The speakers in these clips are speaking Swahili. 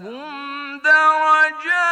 فهم درجات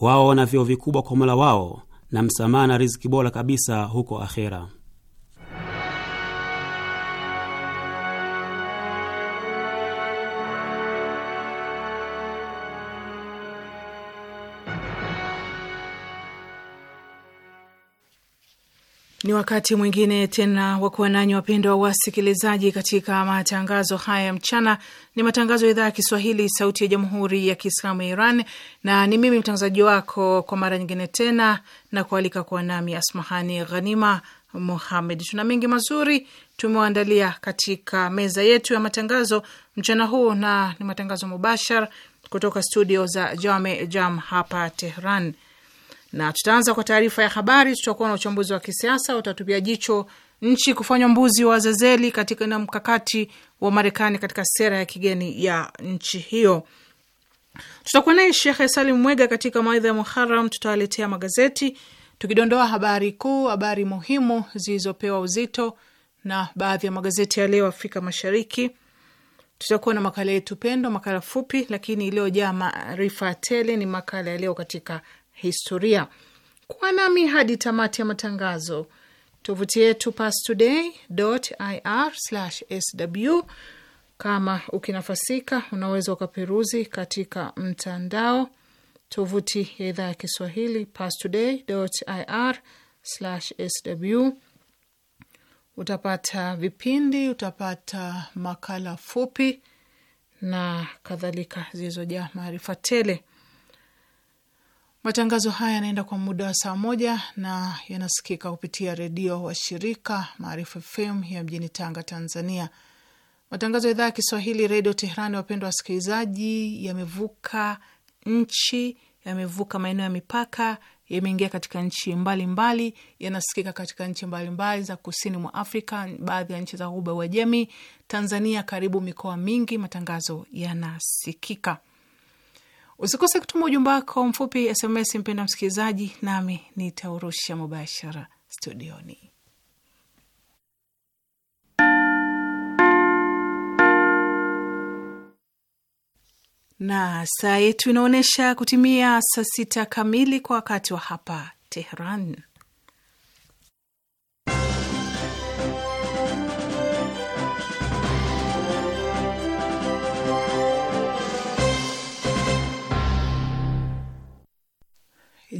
wao wana vyeo vikubwa kwa Mola wao na msamaha na riziki bora kabisa huko akhera. Ni wakati mwingine tena wa kuwa nanyi wapendwa wasikilizaji, katika matangazo haya ya mchana. Ni matangazo ya idhaa ya Kiswahili, sauti ya jamhuri ya kiislamu ya Iran, na ni mimi mtangazaji wako kwa mara nyingine tena na kualika kuwa nami Asmahani Ghanima Muhamed. Tuna mengi mazuri tumewaandalia katika meza yetu ya matangazo mchana huu, na ni matangazo mubashara kutoka studio za Jame Jam hapa Tehran na tutaanza kwa taarifa ya habari. Tutakuwa na uchambuzi wa kisiasa, utatupia jicho nchi kufanywa mbuzi wa zezeli katika na mkakati wa Marekani katika sera ya kigeni ya nchi hiyo. Tutakuwa naye Shekhe Salim Mwega katika mawaidha ya Muharam. Tutawaletea magazeti tukidondoa habari kuu, habari muhimu zilizopewa uzito na baadhi ya magazeti ya leo Afrika Mashariki. Tutakuwa na makala yetu pendwa, makala fupi lakini iliyojaa maarifa tele, ni makala ya leo katika historia. Kwa nami hadi tamati ya matangazo. Tovuti yetu pastoday.ir/sw. Kama ukinafasika, unaweza ukaperuzi katika mtandao tovuti ya idhaa ya Kiswahili pastoday.ir/sw. Utapata vipindi, utapata makala fupi na kadhalika zilizojaa maarifa tele. Matangazo haya yanaenda kwa muda wa saa moja na yanasikika kupitia redio wa shirika Maarifa FM ya mjini Tanga, Tanzania. Matangazo ya idhaa ya Kiswahili redio Teherani, wapendwa wasikilizaji, yamevuka nchi, yamevuka maeneo ya mipaka, yameingia katika nchi mbalimbali, yanasikika katika nchi mbalimbali za kusini mwa Afrika, baadhi ya nchi za Ghuba Uajemi. Tanzania karibu mikoa mingi matangazo yanasikika. Usikose kutuma ujumbe wako mfupi SMS, mpenda msikilizaji, nami nitaurusha mubashara studioni. Na saa yetu inaonyesha kutimia saa sita kamili kwa wakati wa hapa Tehran.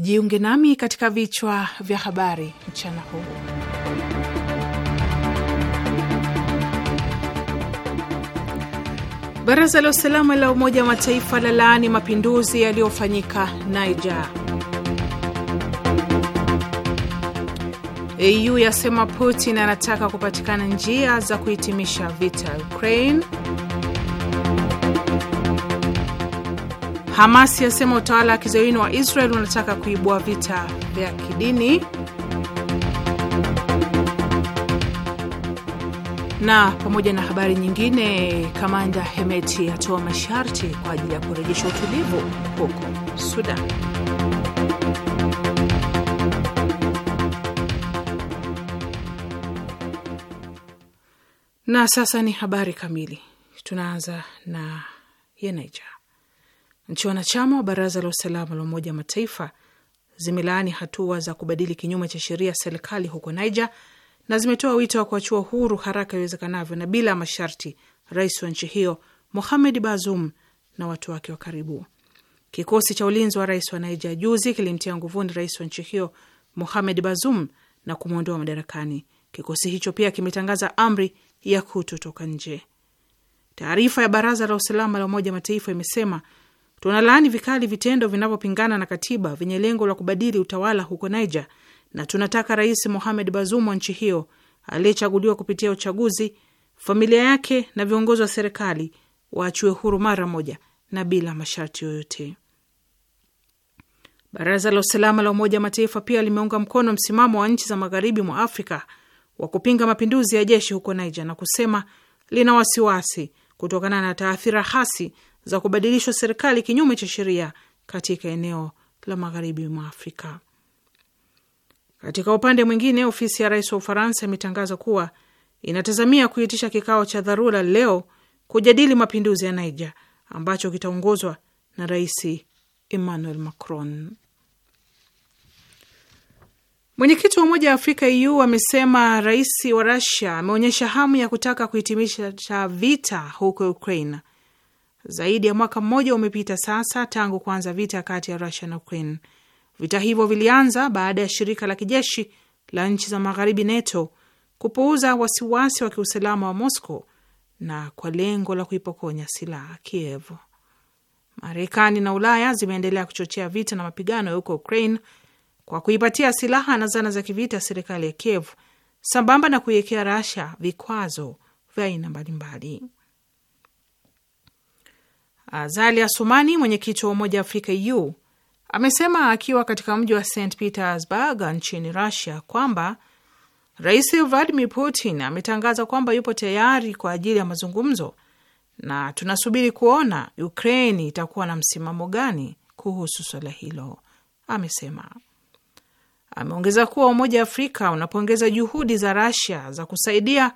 Jiunge nami katika vichwa vya habari mchana huu. Baraza la usalama la Umoja wa Mataifa la laani mapinduzi yaliyofanyika Niger. au yasema Putin anataka kupatikana njia za kuhitimisha vita Ukraine. Hamas yasema utawala wa kizayuni wa Israel unataka kuibua vita vya kidini. na pamoja na habari nyingine, kamanda Hemeti atoa masharti kwa ajili ya kurejesha utulivu huko Sudan. Na sasa ni habari kamili. Tunaanza na Yenaija. Nchi wanachama wa Baraza la Usalama la Umoja wa Mataifa zimelaani hatua za kubadili kinyume cha sheria serikali huko Niger na zimetoa wito wa kuachua huru haraka iwezekanavyo na bila masharti rais wa nchi hiyo Mohamed Bazoum na watu wake wa karibu. Kikosi cha ulinzi wa rais wa Niger juzi kilimtia nguvuni rais wa nchi hiyo Mohamed Bazoum na kumwondoa madarakani. Kikosi hicho pia kimetangaza amri ya kutotoka nje. Taarifa ya Baraza la Usalama la Umoja Mataifa imesema Tunalaani vikali vitendo vinavyopingana na katiba vyenye lengo la kubadili utawala huko Niger, na tunataka Rais Mohamed Bazoum wa nchi hiyo aliyechaguliwa kupitia uchaguzi, familia yake na viongozi wa serikali waachiwe huru mara moja na bila masharti yoyote. Baraza la Usalama la Umoja wa Mataifa pia limeunga mkono msimamo wa nchi za magharibi mwa Afrika wa kupinga mapinduzi ya jeshi huko Niger na kusema lina wasiwasi kutokana na taathira hasi za kubadilishwa serikali kinyume cha sheria katika eneo la magharibi mwa Afrika. Katika upande mwingine, ofisi ya rais wa Ufaransa imetangaza kuwa inatazamia kuitisha kikao cha dharura leo kujadili mapinduzi ya Niger ambacho kitaongozwa na Rais Emmanuel Macron. Mwenyekiti wa Umoja wa Afrika EU amesema rais wa Rusia ameonyesha hamu ya kutaka kuhitimisha vita huko Ukraine zaidi ya mwaka mmoja umepita sasa tangu kuanza vita kati ya Rusia na Ukraine. Vita hivyo vilianza baada ya shirika la kijeshi la nchi za magharibi NATO kupuuza wasiwasi wa kiusalama wa Moscow na kwa lengo la kuipokonya silaha Kiev. Marekani na Ulaya zimeendelea kuchochea vita na mapigano huko Ukraine kwa kuipatia silaha na zana za kivita serikali ya Kiev, sambamba na kuiwekea rasha vikwazo vya aina mbalimbali. Azali Asumani, mwenyekiti wa Umoja wa Afrika EU, amesema akiwa katika mji wa St Petersburg nchini Russia kwamba Rais Vladimir Putin ametangaza kwamba yupo tayari kwa ajili ya mazungumzo na tunasubiri kuona Ukraini itakuwa na msimamo gani kuhusu swala hilo, amesema. Ameongeza kuwa Umoja wa Afrika unapongeza juhudi za rasia za kusaidia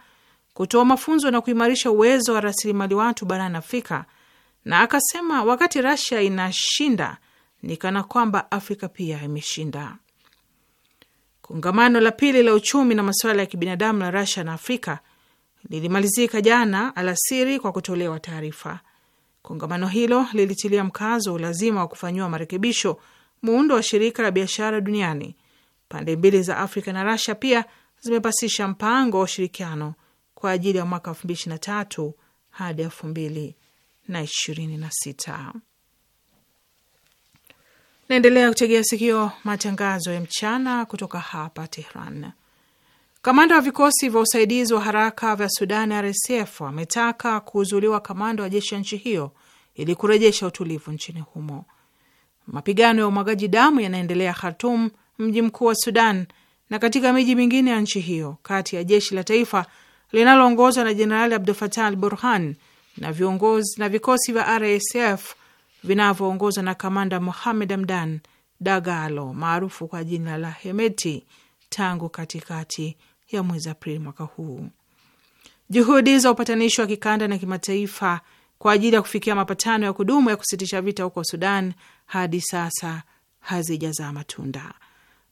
kutoa mafunzo na kuimarisha uwezo wa rasilimali watu barani Afrika na akasema wakati Rasia inashinda ni kana kwamba Afrika pia imeshinda. Kongamano la pili la uchumi na masuala ya kibinadamu la Rasia na Afrika lilimalizika jana alasiri kwa kutolewa taarifa. Kongamano hilo lilitilia mkazo ulazima wa kufanyiwa marekebisho muundo wa shirika la biashara duniani. Pande mbili za Afrika na Rasia pia zimepasisha mpango wa ushirikiano kwa ajili ya mwaka elfu mbili ishirini na tatu hadi elfu mbili na ishirini na sita. Naendelea kutegea sikio matangazo ya mchana kutoka hapa Tehran. Kamanda wa vikosi vya usaidizi wa haraka vya Sudan RSF wametaka kuuzuliwa kamanda wa jeshi ya nchi hiyo ili kurejesha utulivu nchini humo. Mapigano ya umwagaji damu yanaendelea Khartum, mji mkuu wa Sudan, na katika miji mingine ya nchi hiyo, kati ya jeshi la taifa linaloongozwa na Jenerali Abdul Fatah al Burhan na viongozi na vikosi vya RSF vinavyoongozwa na kamanda Mohamed Hamdan Dagalo maarufu kwa jina la Hemeti tangu katikati ya mwezi Aprili mwaka huu. Juhudi za upatanishi wa kikanda na kimataifa kwa ajili ya kufikia mapatano ya kudumu ya kusitisha vita huko Sudan hadi sasa hazijazaa matunda.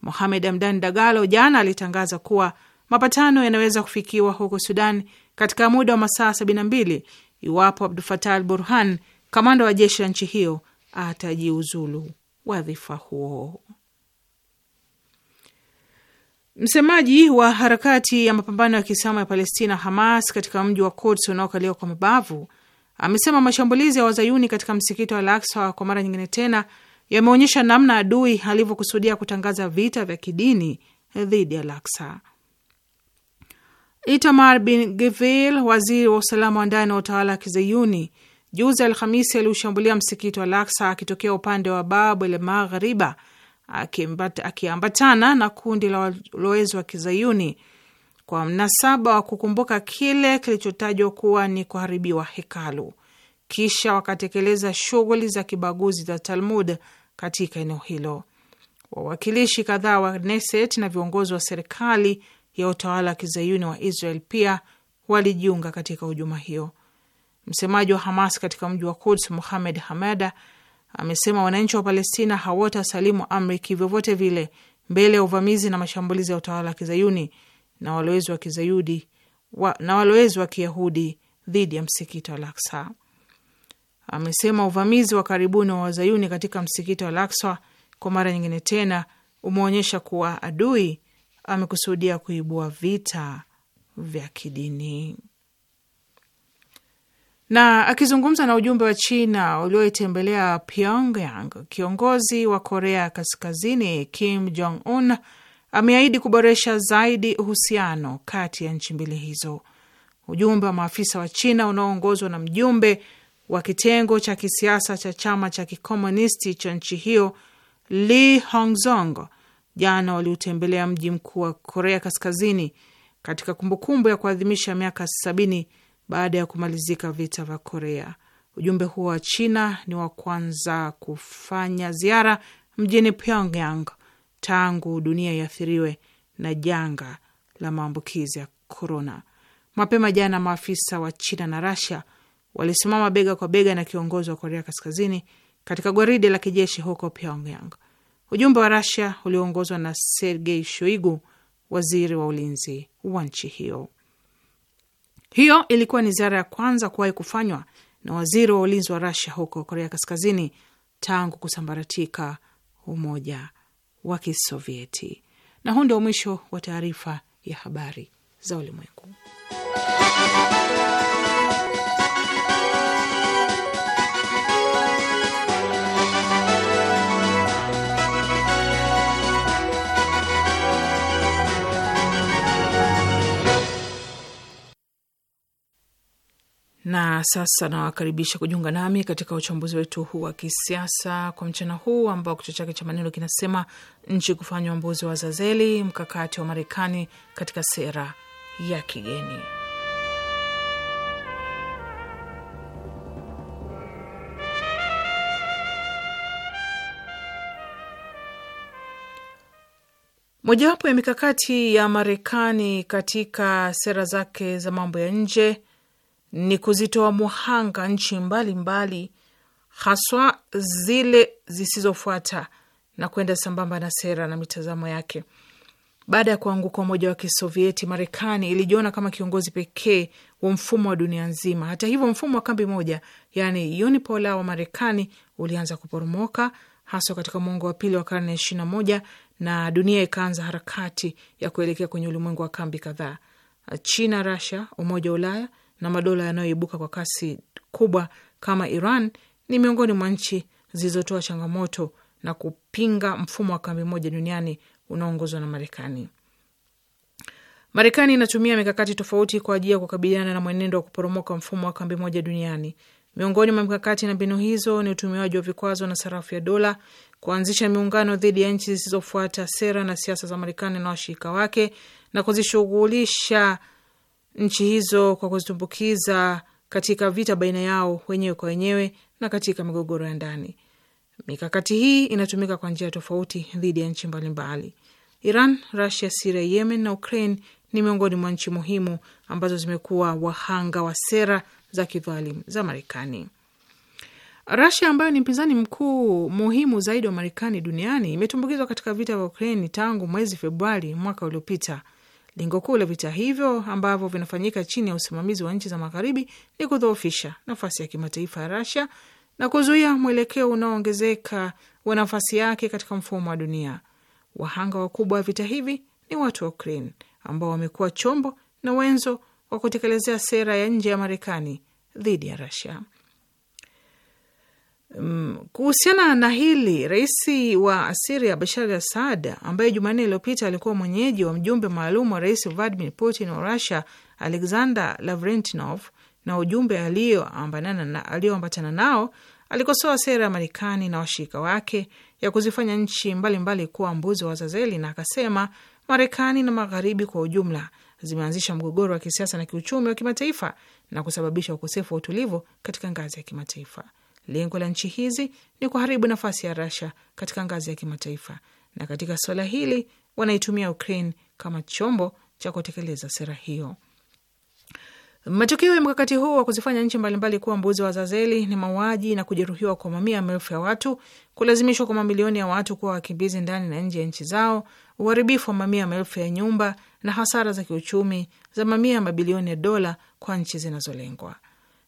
Mohamed Hamdan Dagalo jana alitangaza kuwa mapatano yanaweza kufikiwa huko Sudan katika muda wa masaa 72 iwapo Abdul Fatah al Burhan, kamanda wa jeshi la nchi hiyo, atajiuzulu wadhifa huo. Msemaji wa harakati ya mapambano ya kiislamu ya Palestina, Hamas, katika mji wa Kuds unaokaliwa kwa mabavu amesema mashambulizi ya wazayuni katika msikiti wa Al-Aqsa kwa mara nyingine tena yameonyesha namna adui alivyokusudia kutangaza vita vya kidini dhidi ya Al-Aqsa. Itamar Bin Gvir, waziri wa usalama wa ndani wa utawala wa kizayuni, juzi Alhamisi aliushambulia msikiti wa Laksa akitokea upande wa Babu el Maghriba akiambatana na kundi la walowezi wa kizayuni kwa mnasaba wa kukumbuka kile kilichotajwa kuwa ni kuharibiwa hekalu. Kisha wakatekeleza shughuli za kibaguzi za Talmud katika eneo hilo. Wawakilishi kadhaa wa Neset na viongozi wa serikali ya utawala wa kizayuni wa Israel pia walijiunga katika hujuma hiyo. Msemaji wa Hamas katika mji wa Kuds, Muhamed Hamada, amesema wananchi wa Palestina salimu amri kivyovyote vile mbele ya uvamizi na mashambulizi ya utawala wa kizayuni na walowezi wa kizayudi wa, na walowezi wa kiyahudi dhidi ya msikiti wa Laksa. Amesema uvamizi wa karibuni wa wazayuni katika msikiti wa Laksa kwa mara nyingine tena umeonyesha kuwa adui amekusudia kuibua vita vya kidini. Na akizungumza na ujumbe wa China ulioitembelea Pyongyang, kiongozi wa Korea Kaskazini Kim Jong Un ameahidi kuboresha zaidi uhusiano kati ya nchi mbili hizo. Ujumbe wa maafisa wa China unaoongozwa na mjumbe wa kitengo cha kisiasa cha chama cha kikomunisti cha nchi hiyo Li Hongzong jana waliutembelea mji mkuu wa Korea Kaskazini katika kumbukumbu ya kuadhimisha miaka sabini baada ya kumalizika vita vya Korea. Ujumbe huo wa China ni wa kwanza kufanya ziara mjini Pyongyang tangu dunia iathiriwe na janga la maambukizi ya korona. Mapema jana, maafisa wa China na Rasia walisimama bega kwa bega na kiongozi wa Korea Kaskazini katika gwaride la kijeshi huko Pyongyang. Ujumbe wa Rasia ulioongozwa na Sergei Shoigu, waziri wa ulinzi wa nchi hiyo. Hiyo ilikuwa ni ziara ya kwanza kuwahi kufanywa na waziri wa ulinzi wa Rasia huko Korea Kaskazini tangu kusambaratika Umoja wa Kisovieti. Na huu ndio mwisho wa taarifa ya habari za ulimwengu. Na sasa nawakaribisha kujiunga nami katika uchambuzi wetu huu wa kisiasa kwa mchana huu ambao kichwa chake cha maneno kinasema nchi kufanya uambuzi wa Zazeli, mkakati wa Marekani katika sera ya kigeni. Mojawapo ya mikakati ya Marekani katika sera zake za mambo ya nje ni kuzitoa muhanga nchi mbalimbali, mbali, haswa zile zisizofuata na kwenda sambamba na sera na mitazamo yake. Baada ya kuanguka umoja wa Kisovieti, Marekani ilijiona kama kiongozi pekee wa mfumo wa dunia nzima. Hata hivyo, mfumo wa kambi moja, yani unipolar wa Marekani ulianza kuporomoka haswa katika mwongo wa pili wa karne ya ishirini na moja na dunia ikaanza harakati ya kuelekea kwenye ulimwengu wa kambi kadhaa. China, Russia, Umoja wa Ulaya na madola yanayoibuka kwa kasi kubwa kama Iran ni miongoni mwa nchi zilizotoa changamoto na kupinga mfumo wa kambi moja duniani unaoongozwa na Marekani. Marekani inatumia mikakati tofauti kwa ajili ya kukabiliana na mwenendo wa kuporomoka mfumo wa kambi moja duniani. Miongoni mwa mikakati na mbinu hizo ni utumiaji wa vikwazo na sarafu ya dola, kuanzisha miungano dhidi ya nchi zisizofuata sera na siasa za Marekani na washirika wake na kuzishughulisha nchi hizo kwa kuzitumbukiza katika vita baina yao wenyewe kwa wenyewe na katika migogoro ya ndani. Mikakati hii inatumika kwa njia tofauti dhidi ya nchi mbalimbali. Iran, Rusia, Siria, Yemen na Ukraine ni miongoni mwa nchi muhimu ambazo zimekuwa wahanga wa sera za kidhalimu za Marekani. Rusia ambayo ni mpinzani mkuu muhimu zaidi wa Marekani duniani imetumbukizwa katika vita vya Ukraini tangu mwezi Februari mwaka uliopita, Lengo kuu la vita hivyo ambavyo vinafanyika chini ya usimamizi wa nchi za magharibi ni kudhoofisha nafasi ya kimataifa ya Rasia na kuzuia mwelekeo unaoongezeka wa nafasi yake katika mfumo wa dunia. Wahanga wakubwa wa vita hivi ni watu wa Ukraine ambao wamekuwa chombo na wenzo wa kutekelezea sera ya nje ya Marekani dhidi ya Rasia. Mm, kuhusiana na hili, rais wa Siria Bashar Asad, ambaye Jumanne iliyopita alikuwa mwenyeji wa mjumbe maalum wa rais Vladimir Putin wa Russia Alexander Lavrentinov na ujumbe aliyoambatana na, nao alikosoa sera ya Marekani na washirika wake ya kuzifanya nchi mbalimbali mbali kuwa mbuzi wa Wazazeli, na akasema Marekani na Magharibi kwa ujumla zimeanzisha mgogoro wa kisiasa na kiuchumi wa kimataifa na kusababisha ukosefu wa utulivu katika ngazi ya kimataifa. Lengo la nchi hizi ni kuharibu nafasi ya rasha katika ngazi ya kimataifa, na katika suala hili wanaitumia Ukraine kama chombo cha kutekeleza sera hiyo. Matukio ya mkakati huu wa kuzifanya nchi mbalimbali kuwa mbuzi wa zazeli ni mauaji na kujeruhiwa kwa mamia maelfu ya watu, kulazimishwa kwa mamilioni ya watu kuwa wakimbizi ndani na nje ya nchi zao, uharibifu wa mamia maelfu ya nyumba na hasara za kiuchumi za mamia ya mabilioni ya dola kwa nchi zinazolengwa.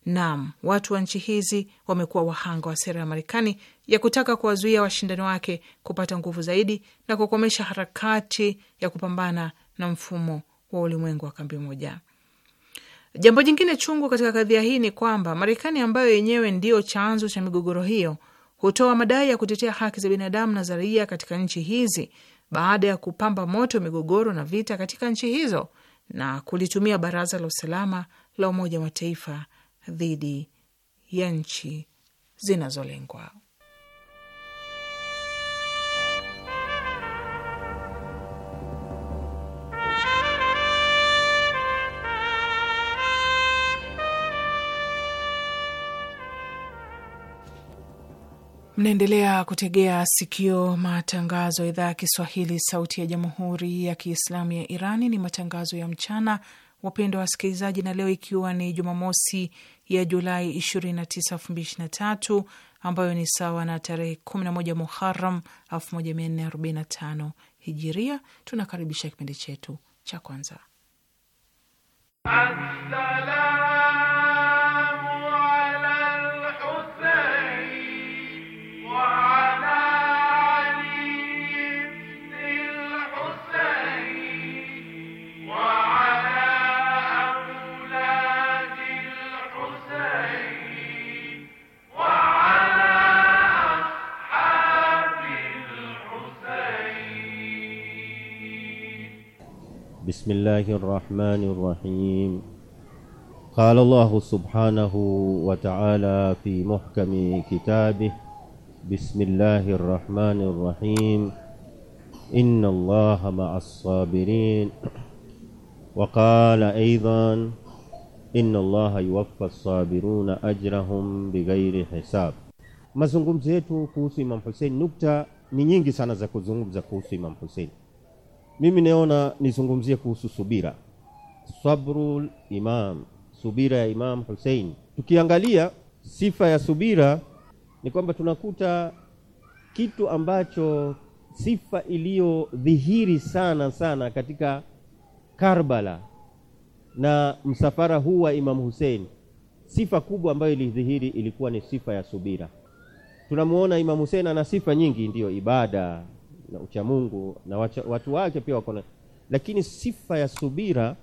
Naam, watu wa nchi hizi wamekuwa wahanga wa sera ya Marekani ya kutaka kuwazuia washindani wake kupata nguvu zaidi na kukomesha harakati ya kupambana na mfumo wa ulimwengu wa kambi moja. Jambo jingine chungu katika kadhia hii ni kwamba Marekani ambayo yenyewe ndiyo chanzo cha migogoro hiyo hutoa madai ya kutetea haki za binadamu na za raia katika nchi hizi baada ya kupamba moto migogoro na vita katika nchi hizo na kulitumia Baraza la Usalama la Umoja wa Mataifa dhidi ya nchi zinazolengwa. Mnaendelea kutegea sikio matangazo ya idhaa ya Kiswahili, sauti ya jamhuri ya kiislamu ya Irani. Ni matangazo ya mchana Wapendwa wasikilizaji, na leo ikiwa ni Jumamosi ya Julai 29, 2023 ambayo ni sawa na tarehe 11 Muharam 1445 Hijiria, tunakaribisha kipindi chetu cha kwanza Asala. بسم الله الرحمن الرحيم قال الله سبحانه وتعالى في محكم كتابه بسم الله الرحمن الرحيم ان الله مع الصابرين وقال ايضا ان الله يوفى الصابرون اجرهم بغير حساب mazungumzo yetu kuhusu Imam Hussein, nukta ni nyingi sana za kuzungumza kuhusu Imam Hussein mimi naona nizungumzie kuhusu subira, sabrul imam, subira ya Imam Hussein. Tukiangalia sifa ya subira ni kwamba tunakuta kitu ambacho sifa iliyodhihiri sana sana katika Karbala na msafara huu wa Imam Hussein, sifa kubwa ambayo ilidhihiri ilikuwa ni sifa ya subira. Tunamuona Imam Hussein ana sifa nyingi, ndiyo ibada na uchamungu na wacha, watu wake pia wako na, lakini sifa ya subira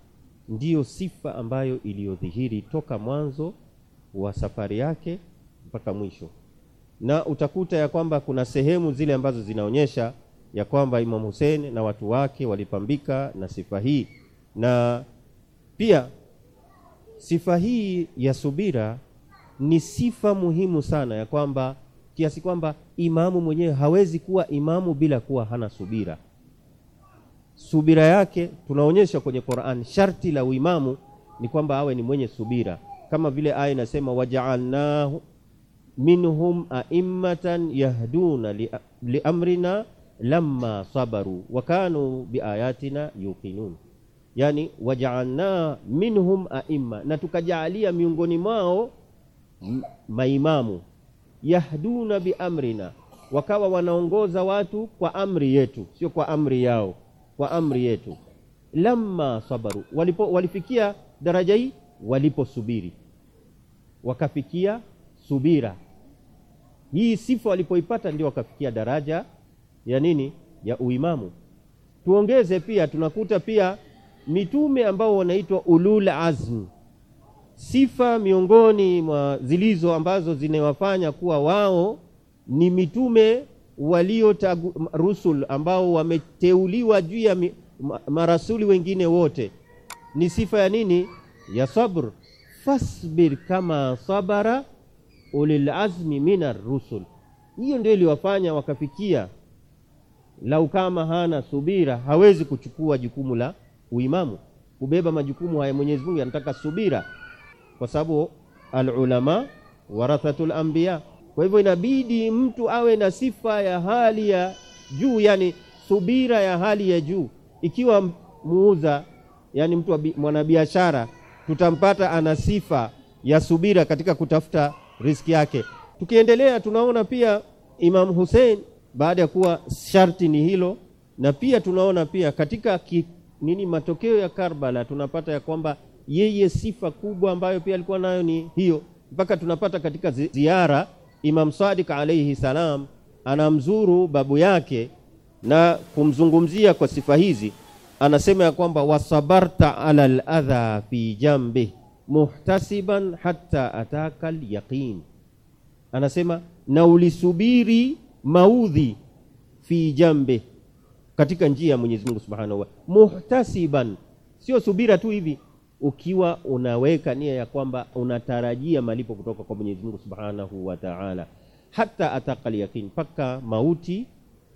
ndiyo sifa ambayo iliyodhihiri toka mwanzo wa safari yake mpaka mwisho, na utakuta ya kwamba kuna sehemu zile ambazo zinaonyesha ya kwamba Imam Hussein na watu wake walipambika na sifa hii, na pia sifa hii ya subira ni sifa muhimu sana ya kwamba kiasi kwamba imamu mwenyewe hawezi kuwa imamu bila kuwa hana subira. Subira yake tunaonyesha kwenye Qur'an. Sharti la uimamu ni kwamba awe ni mwenye subira, kama vile aya inasema waja'alnahu minhum a'immatan yahduna li, liamrina lamma sabaru wa kanu biayatina yuqinun, yani waja'alna minhum a'imma, na tukajaalia miongoni mwao maimamu yahduna biamrina, wakawa wanaongoza watu kwa amri yetu, sio kwa amri yao, kwa amri yetu. Lamma sabaru, walipo walifikia daraja hii waliposubiri, wakafikia subira hii sifa walipoipata ndio wakafikia daraja ya nini? Ya uimamu. Tuongeze pia, tunakuta pia mitume ambao wanaitwa ulul azm sifa miongoni mwa zilizo ambazo zinawafanya kuwa wao ni mitume walio rusul ambao wameteuliwa juu ya marasuli wengine wote ni sifa ya nini? Ya sabr. Fasbir kama sabara ulil azmi minar rusul, hiyo ndio iliwafanya wakafikia. Lau kama hana subira, hawezi kuchukua jukumu la uimamu, kubeba majukumu haya. Mwenyezi Mungu anataka subira kwa sababu alulama warathatul anbiya. Kwa hivyo inabidi mtu awe na sifa ya hali ya juu, yani subira ya hali ya juu. Ikiwa muuza, yani mtu mwanabiashara, tutampata ana sifa ya subira katika kutafuta riski yake. Tukiendelea tunaona pia Imam Hussein baada ya kuwa sharti ni hilo, na pia tunaona pia katika ki, nini matokeo ya Karbala tunapata ya kwamba yeye sifa kubwa ambayo pia alikuwa nayo ni hiyo, mpaka tunapata katika ziara Imam Sadiq alayhi salam anamzuru babu yake na kumzungumzia kwa sifa hizi, anasema ya kwamba wasabarta ala ladha fi jambi muhtasiban hatta ataka alyaqin, anasema na ulisubiri maudhi fi jambi, katika njia ya Mwenyezi Mungu subhanahu wa muhtasiban, sio subira tu hivi ukiwa unaweka nia ya kwamba unatarajia malipo kutoka kwa Mwenyezi Mungu Subhanahu wa Ta'ala, hata atakal yaqin, mpaka mauti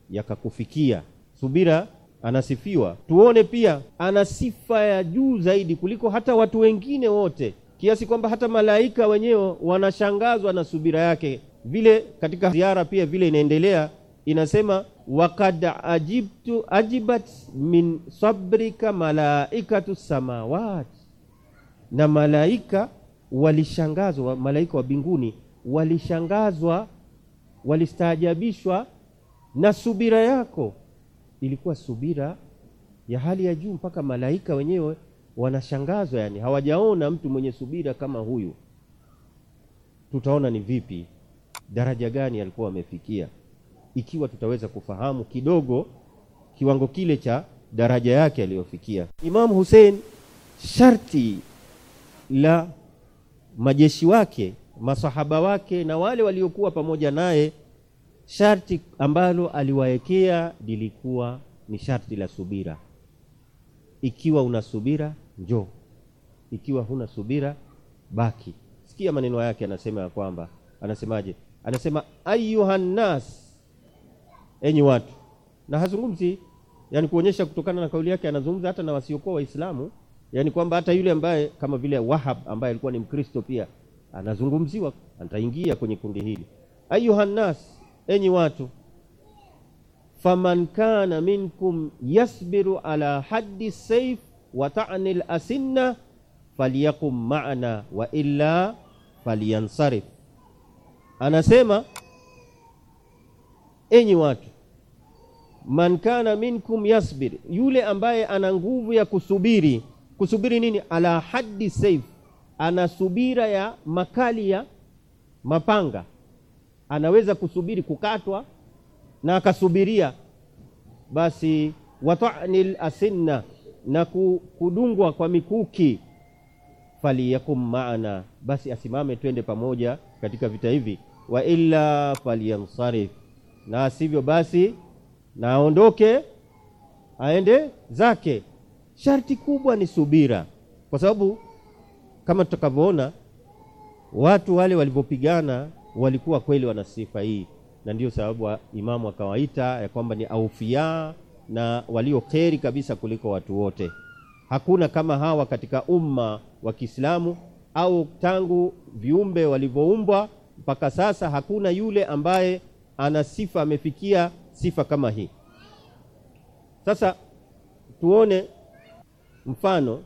yakakufikia. Subira anasifiwa, tuone pia ana sifa ya juu zaidi kuliko hata watu wengine wote, kiasi kwamba hata malaika wenyewe wanashangazwa na subira yake. Vile katika ziara pia vile inaendelea inasema wakad ajibtu ajibat min sabrika malaikatu samawati na malaika walishangazwa, malaika wa mbinguni walishangazwa, walistaajabishwa na subira yako. Ilikuwa subira ya hali ya juu, mpaka malaika wenyewe wanashangazwa, yani hawajaona mtu mwenye subira kama huyu. Tutaona ni vipi, daraja gani alikuwa wamefikia, ikiwa tutaweza kufahamu kidogo kiwango kile cha daraja yake aliyofikia Imamu Hussein, sharti la majeshi wake, masahaba wake na wale waliokuwa pamoja naye, sharti ambalo aliwaekea lilikuwa ni sharti la subira. Ikiwa una subira njoo, ikiwa huna subira baki. Sikia maneno yake, anasema ya kwamba anasemaje? Anasema ayuhannas, enyi watu, na hazungumzi yani kuonyesha kutokana na kauli yake anazungumza hata na wasiokuwa Waislamu yaani kwamba hata yule ambaye kama vile Wahab ambaye alikuwa ni Mkristo pia anazungumziwa, ataingia kwenye kundi hili. Ayuhannas, enyi watu, faman kana minkum yasbiru ala haddi saif wa ta'ni al-asinna falyakum ma'ana wa illa falyansarif. Anasema, enyi watu man kana minkum yasbir, yule ambaye ana nguvu ya kusubiri kusubiri nini? Ala haddi saif, ana subira ya makali ya mapanga. Anaweza kusubiri kukatwa na akasubiria, basi wata'nil asinna, na kudungwa kwa mikuki. Faliyakum maana, basi asimame twende pamoja katika vita hivi. Wa illa falyansarif, na asivyo basi naondoke aende zake Sharti kubwa ni subira, kwa sababu kama tutakavyoona watu wale walivyopigana walikuwa kweli wana sifa hii, na ndiyo sababu imamu akawaita ya kwamba ni aufia na walio kheri kabisa kuliko watu wote. Hakuna kama hawa katika umma wa Kiislamu au tangu viumbe walivyoumbwa mpaka sasa, hakuna yule ambaye ana sifa amefikia sifa kama hii. Sasa tuone Mfano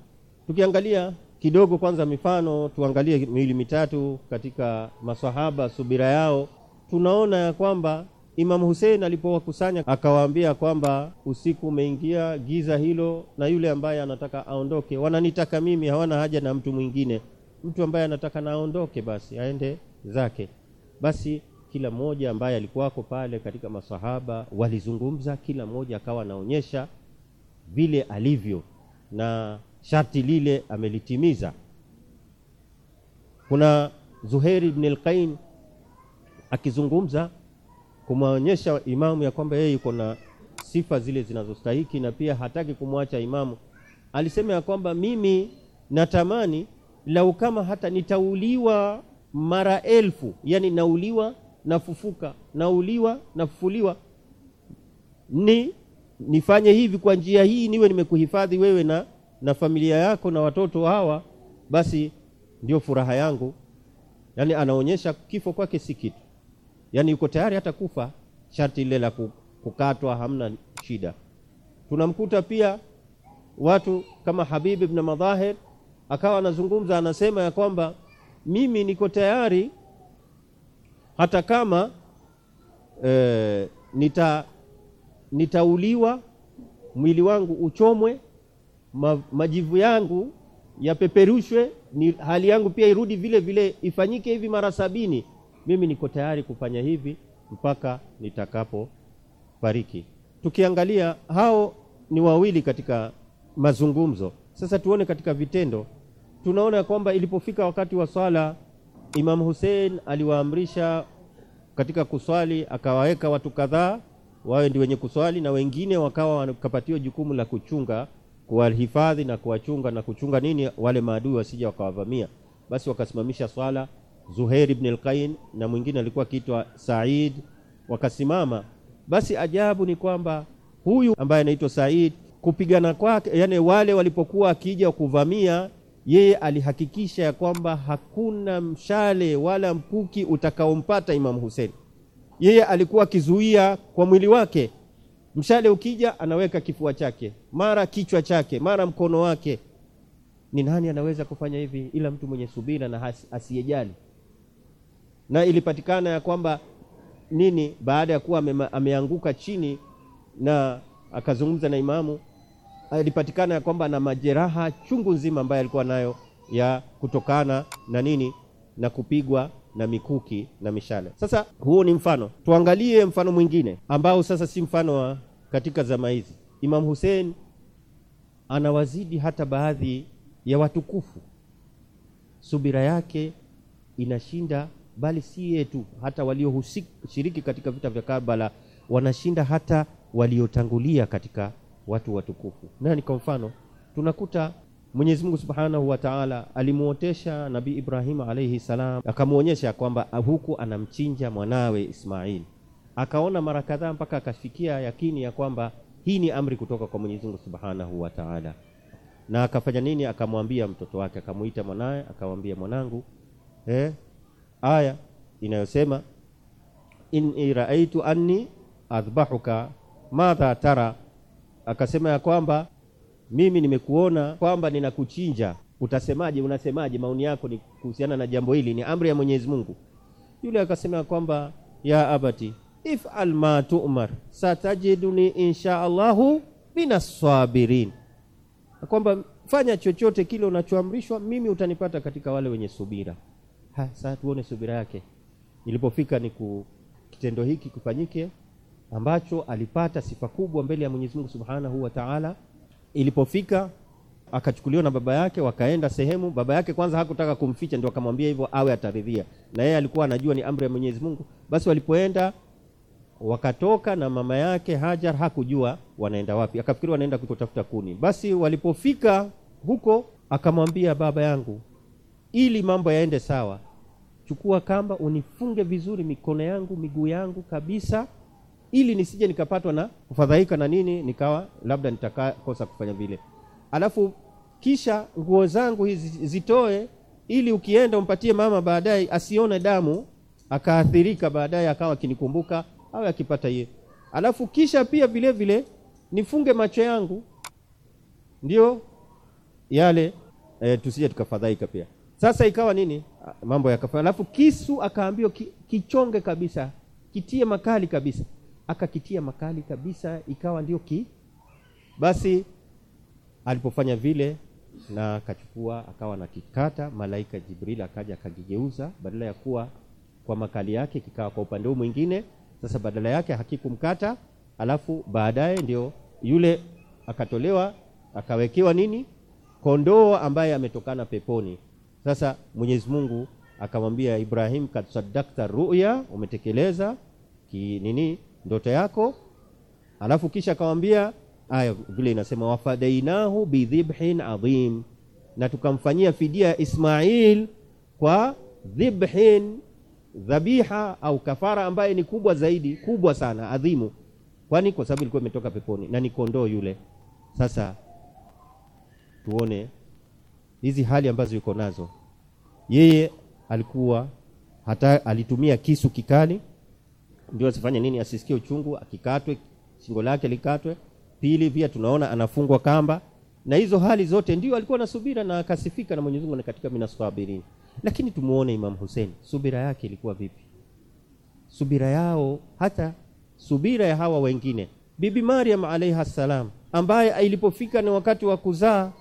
tukiangalia kidogo kwanza, mifano tuangalie miili mitatu katika maswahaba, subira yao, tunaona ya kwamba Imamu Hussein alipowakusanya akawaambia kwamba usiku umeingia, giza hilo, na yule ambaye anataka aondoke, wananitaka mimi, hawana haja na mtu mwingine. Mtu ambaye anataka na aondoke, basi aende zake. Basi kila mmoja ambaye alikuwako pale katika maswahaba walizungumza, kila mmoja akawa anaonyesha vile alivyo na sharti lile amelitimiza. Kuna Zuhair ibn al akizungumza kumwonyesha imamu ya kwamba yeye yuko na sifa zile zinazostahiki na pia hataki kumwacha imamu. Alisema ya kwamba mimi natamani lau kama hata nitauliwa mara elfu, yani nauliwa nafufuka, nauliwa nafufuliwa, ni nifanye hivi kwa njia hii, niwe nimekuhifadhi wewe na, na familia yako na watoto hawa, basi ndio furaha yangu. Yani anaonyesha kifo kwake si kitu, yani yuko tayari hata kufa, sharti ile la kukatwa hamna shida. Tunamkuta pia watu kama Habib ibn Madahir akawa anazungumza, anasema ya kwamba mimi niko tayari hata kama e, nita nitauliwa, mwili wangu uchomwe, ma, majivu yangu yapeperushwe, ni hali yangu pia irudi vile vile, ifanyike hivi mara sabini. Mimi niko tayari kufanya hivi mpaka nitakapo fariki. Tukiangalia hao ni wawili katika mazungumzo. Sasa tuone katika vitendo, tunaona kwamba ilipofika wakati wa swala, Imam Hussein aliwaamrisha katika kuswali, akawaweka watu kadhaa wawe ndi wenye kuswali na wengine wakawa wakapatiwa jukumu la kuchunga, kuwahifadhi na kuwachunga na kuchunga nini, wale maadui wasija wakawavamia. Basi wakasimamisha swala Zuhair ibn al na mwingine alikuwa akiitwa Said, wakasimama. Basi ajabu ni kwamba huyu ambaye anaitwa Said kupigana kwake, yani wale walipokuwa akija kuvamia yeye alihakikisha ya kwamba hakuna mshale wala mkuki utakaompata Imam Hussein yeye alikuwa akizuia kwa mwili wake mshale ukija anaweka kifua chake mara kichwa chake mara mkono wake ni nani anaweza kufanya hivi ila mtu mwenye subira na asiyejali na ilipatikana ya kwamba nini baada ya kuwa ameanguka chini na akazungumza na imamu ilipatikana ya kwamba na majeraha chungu nzima ambayo alikuwa nayo ya kutokana na nini na kupigwa na mikuki na mishale. Sasa huo ni mfano, tuangalie mfano mwingine ambao sasa si mfano wa katika zama hizi. Imam Hussein anawazidi hata baadhi ya watukufu, subira yake inashinda, bali si yetu, hata walioshiriki katika vita vya Karbala wanashinda hata waliotangulia katika watu watukufu. Nani kwa mfano tunakuta Mwenyezi Mungu Subhanahu wa Ta'ala alimuotesha Nabii Ibrahim alayhi salam, akamwonyesha kwamba huku anamchinja mwanawe Ismail. Akaona mara kadhaa mpaka akafikia yakini ya kwamba hii ni amri kutoka kwa Mwenyezi Mungu Subhanahu wa Ta'ala. Na akafanya nini? Akamwambia mtoto wake, akamuita mwanaye, akamwambia mwanangu, eh, aya inayosema in raaitu anni adhbahuka madha tara, akasema ya kwamba mimi nimekuona kwamba ninakuchinja, utasemaje? Unasemaje? maoni yako ni kuhusiana na jambo hili, ni amri ya Mwenyezi Mungu. Yule akasema kwamba ya abati if'al ma tu'mar satajiduni insha Allahu minaswabirin, kwamba fanya chochote kile unachoamrishwa, mimi utanipata katika wale wenye subira. Ha, sasa tuone subira yake ilipofika ni ku kitendo hiki kufanyike ambacho alipata sifa kubwa mbele ya Mwenyezi Mungu Subhanahu wa Ta'ala. Ilipofika akachukuliwa na baba yake, wakaenda sehemu. Baba yake kwanza hakutaka kumficha, ndio akamwambia hivyo awe ataridhia, na yeye alikuwa anajua ni amri ya Mwenyezi Mungu. Basi walipoenda wakatoka, na mama yake Hajar hakujua wanaenda wapi, akafikiri wanaenda kutafuta kuni. Basi walipofika huko, akamwambia baba yangu, ili mambo yaende sawa, chukua kamba unifunge vizuri mikono yangu miguu yangu kabisa ili nisije nikapatwa na kufadhaika na nini, nikawa labda nitakakosa kufanya vile. Alafu kisha nguo zangu hizi zitoe, ili ukienda umpatie mama, baadaye asione damu akaathirika, baadaye akawa akinikumbuka au akipata yeye. Alafu kisha pia vile vile nifunge macho yangu, ndio yale e, tusije tukafadhaika pia. Sasa ikawa nini, mambo yakafanya. Alafu kisu akaambiwa ki, kichonge kabisa, kitie makali kabisa akakitia makali kabisa, ikawa ndio ki basi. Alipofanya vile na akachukua akawa na kikata, malaika Jibril akaja akakigeuza, badala ya kuwa kwa makali yake kikawa kwa upande huu mwingine. Sasa badala yake hakikumkata, alafu baadaye ndio yule akatolewa akawekewa nini, kondoo ambaye ametokana peponi. Sasa Mwenyezi Mungu akamwambia Ibrahim, kad sadakta ruya, umetekeleza ki nini ndoto yako, alafu kisha akamwambia aya vile inasema, wafadainahu bidhibhin adhim, na tukamfanyia fidia ya Ismail kwa dhibhin, dhabiha au kafara ambaye ni kubwa zaidi, kubwa sana, adhimu, kwani kwa sababu ilikuwa imetoka peponi na ni kondoo yule. Sasa tuone hizi hali ambazo yuko nazo yeye, alikuwa hata alitumia kisu kikali ndio asifanye nini, asisikie uchungu, akikatwe shingo lake likatwe. Pili, pia tunaona anafungwa kamba, na hizo hali zote ndio alikuwa na subira na akasifika na Mwenyezi Mungu, na katika minaswabirin. Lakini tumuone Imam Hussein, subira yake ilikuwa vipi? Subira yao hata subira ya hawa wengine, Bibi Maryam alaiha salam, ambaye ilipofika ni wakati wa kuzaa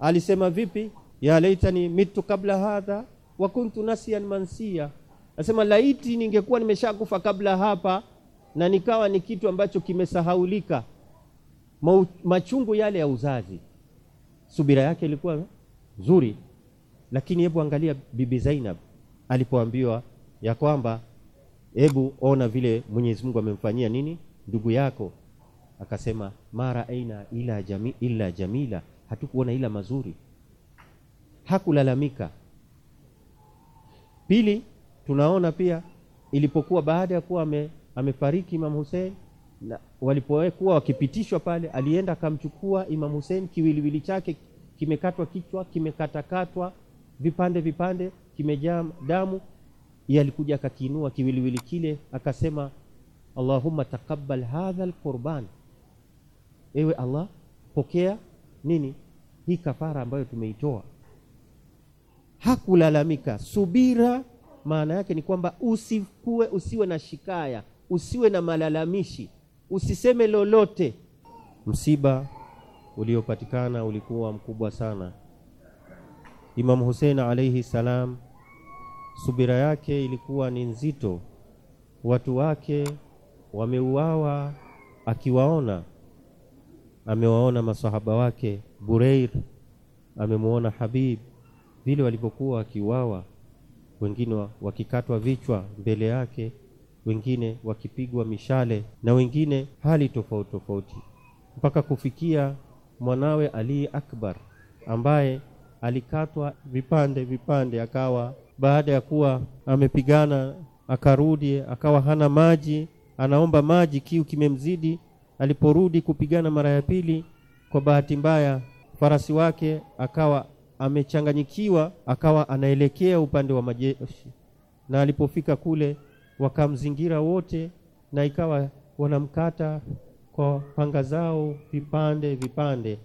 alisema vipi? ya laitani mitu kabla hadha wa kuntu nasiyan mansia Anasema laiti ningekuwa nimeshakufa kabla hapa na nikawa ni kitu ambacho kimesahaulika, machungu yale ya uzazi. Subira yake ilikuwa nzuri, lakini hebu angalia Bibi Zainab alipoambiwa ya kwamba hebu ona vile Mwenyezi Mungu amemfanyia nini ndugu yako, akasema mara aina ila jami, ila jamila, hatukuona ila mazuri. Hakulalamika. Pili, tunaona pia ilipokuwa baada ya kuwa ame, amefariki Imam Hussein na walipokuwa wakipitishwa pale, alienda akamchukua Imam Hussein, kiwiliwili chake kimekatwa, kichwa kimekatakatwa vipande vipande, kimejaa damu. Yeye alikuja akakiinua kiwiliwili kile akasema, Allahumma taqabbal hadha alqurban, ewe Allah pokea nini hii kafara ambayo tumeitoa. Hakulalamika, subira maana yake ni kwamba usikue, usiwe na shikaya, usiwe na malalamishi, usiseme lolote. Msiba uliopatikana ulikuwa mkubwa sana. Imam Hussein alaihi salam, subira yake ilikuwa ni nzito. Watu wake wameuawa akiwaona, amewaona masahaba wake Bureir, amemwona Habib vile walipokuwa wakiuawa wengine wakikatwa vichwa mbele yake, wengine wakipigwa mishale na wengine hali tofauti tofauti, mpaka kufikia mwanawe Ali Akbar ambaye alikatwa vipande vipande, akawa baada ya kuwa amepigana akarudi akawa hana maji, anaomba maji, kiu kimemzidi. Aliporudi kupigana mara ya pili, kwa bahati mbaya farasi wake akawa amechanganyikiwa, akawa anaelekea upande wa majeshi, na alipofika kule wakamzingira wote, na ikawa wanamkata kwa panga zao vipande vipande,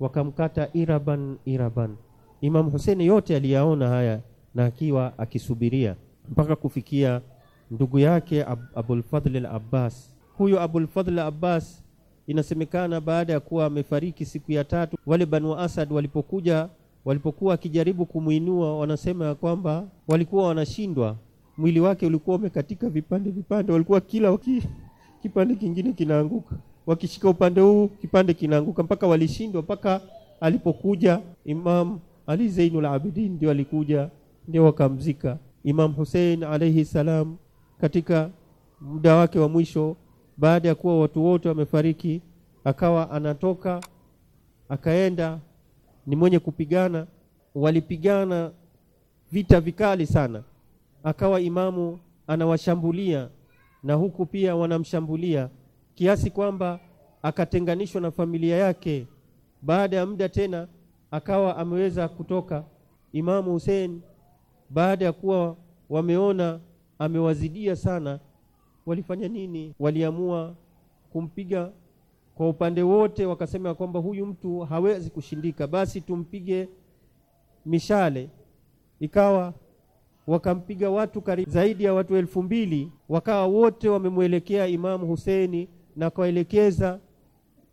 wakamkata iraban iraban. Imam Hussein yote aliyaona haya, na akiwa akisubiria mpaka kufikia ndugu yake Ab Abulfadhl al Abbas. Huyo Abulfadhl al Abbas inasemekana baada ya kuwa amefariki siku ya tatu, wale Banu Asad walipokuja walipokuwa akijaribu kumuinua, wanasema ya kwamba walikuwa wanashindwa. Mwili wake ulikuwa umekatika vipande vipande, walikuwa kila waki, kipande kingine kinaanguka, wakishika upande huu kipande kinaanguka, mpaka walishindwa, mpaka alipokuja Imam Ali Zainul Abidin, ndio alikuja, ndio wakamzika Imam Hussein alayhi salam katika muda wake wa mwisho, baada ya kuwa watu wote wamefariki, akawa anatoka akaenda ni mwenye kupigana walipigana vita vikali sana akawa imamu anawashambulia na huku pia wanamshambulia kiasi kwamba akatenganishwa na familia yake baada ya muda tena akawa ameweza kutoka imamu Hussein baada ya kuwa wameona amewazidia sana walifanya nini waliamua kumpiga kwa upande wote wakasema kwamba huyu mtu hawezi kushindika, basi tumpige mishale. Ikawa wakampiga watu karibu zaidi ya watu elfu mbili wakawa wote wamemwelekea Imamu Huseini na kuelekeza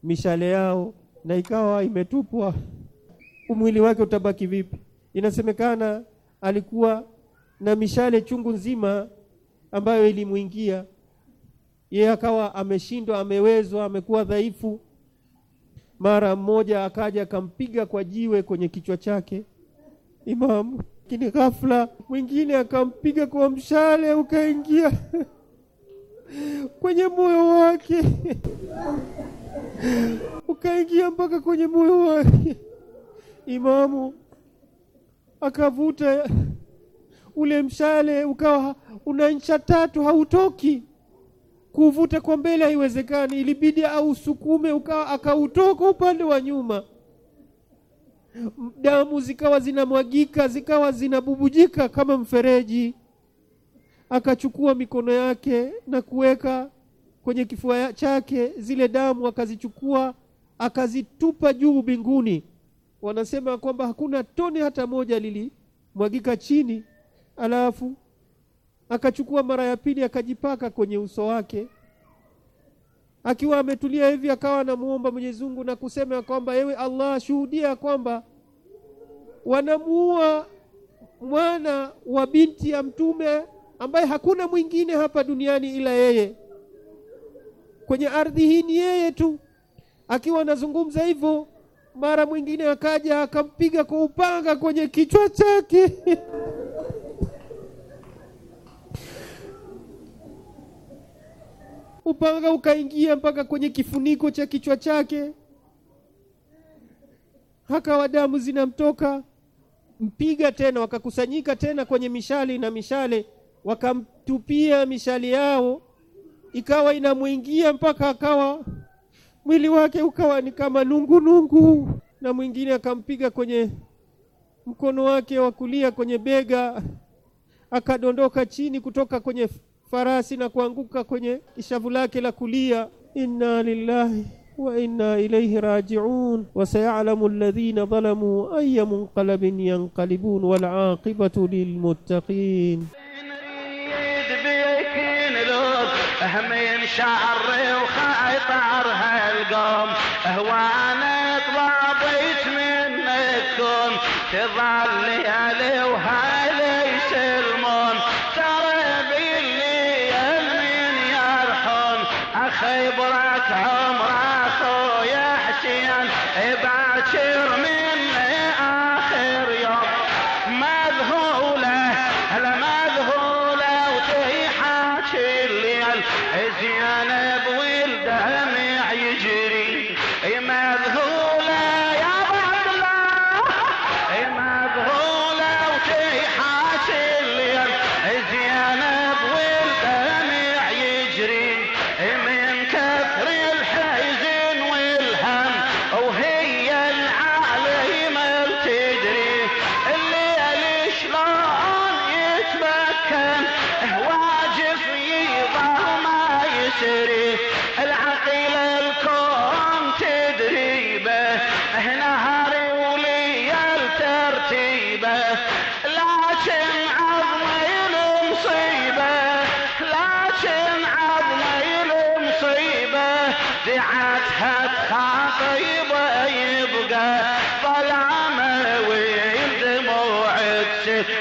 mishale yao, na ikawa imetupwa. Umwili wake utabaki vipi? Inasemekana alikuwa na mishale chungu nzima ambayo ilimwingia yeye akawa ameshindwa, amewezwa, amekuwa dhaifu. Mara mmoja akaja akampiga kwa jiwe kwenye kichwa chake Imamu, lakini ghafla mwingine akampiga kwa mshale ukaingia kwenye moyo wake ukaingia mpaka kwenye moyo wake. Imamu akavuta ule mshale ukawa una ncha tatu, hautoki kuvuta kwa mbele haiwezekani, ilibidi ausukume ukawa akautoka upande wa nyuma. Damu zikawa zinamwagika, zikawa zinabubujika kama mfereji. Akachukua mikono yake na kuweka kwenye kifua chake, zile damu akazichukua akazitupa juu mbinguni. Wanasema kwamba hakuna tone hata moja lilimwagika chini, alafu akachukua mara ya pili akajipaka kwenye uso wake akiwa ametulia hivi akawa anamuomba Mwenyezi Mungu na kusema kwamba yewe Allah shuhudia kwamba wanamuua mwana wa binti ya mtume ambaye hakuna mwingine hapa duniani ila yeye kwenye ardhi hii ni yeye tu akiwa anazungumza hivyo mara mwingine akaja akampiga kwa upanga kwenye kichwa chake upanga ukaingia mpaka kwenye kifuniko cha kichwa chake, akawa damu zinamtoka. Mpiga tena, wakakusanyika tena kwenye mishale na mishale, wakamtupia mishale yao, ikawa inamwingia mpaka akawa mwili wake ukawa ni kama nungunungu nungu. Na mwingine akampiga kwenye mkono wake wa kulia kwenye bega, akadondoka chini kutoka kwenye farasi na kuanguka kwenye ishavu lake la kulia, inna lillahi wa inna ilayhi raji'un wa sayalamu alladhina zalamu ayya munqalabin yanqalibun wal aqibatu lil muttaqin همين ينشعر وخايط عرها القوم اهوانا هوانا طلبت منكم تظل ليالي وهاي باكر من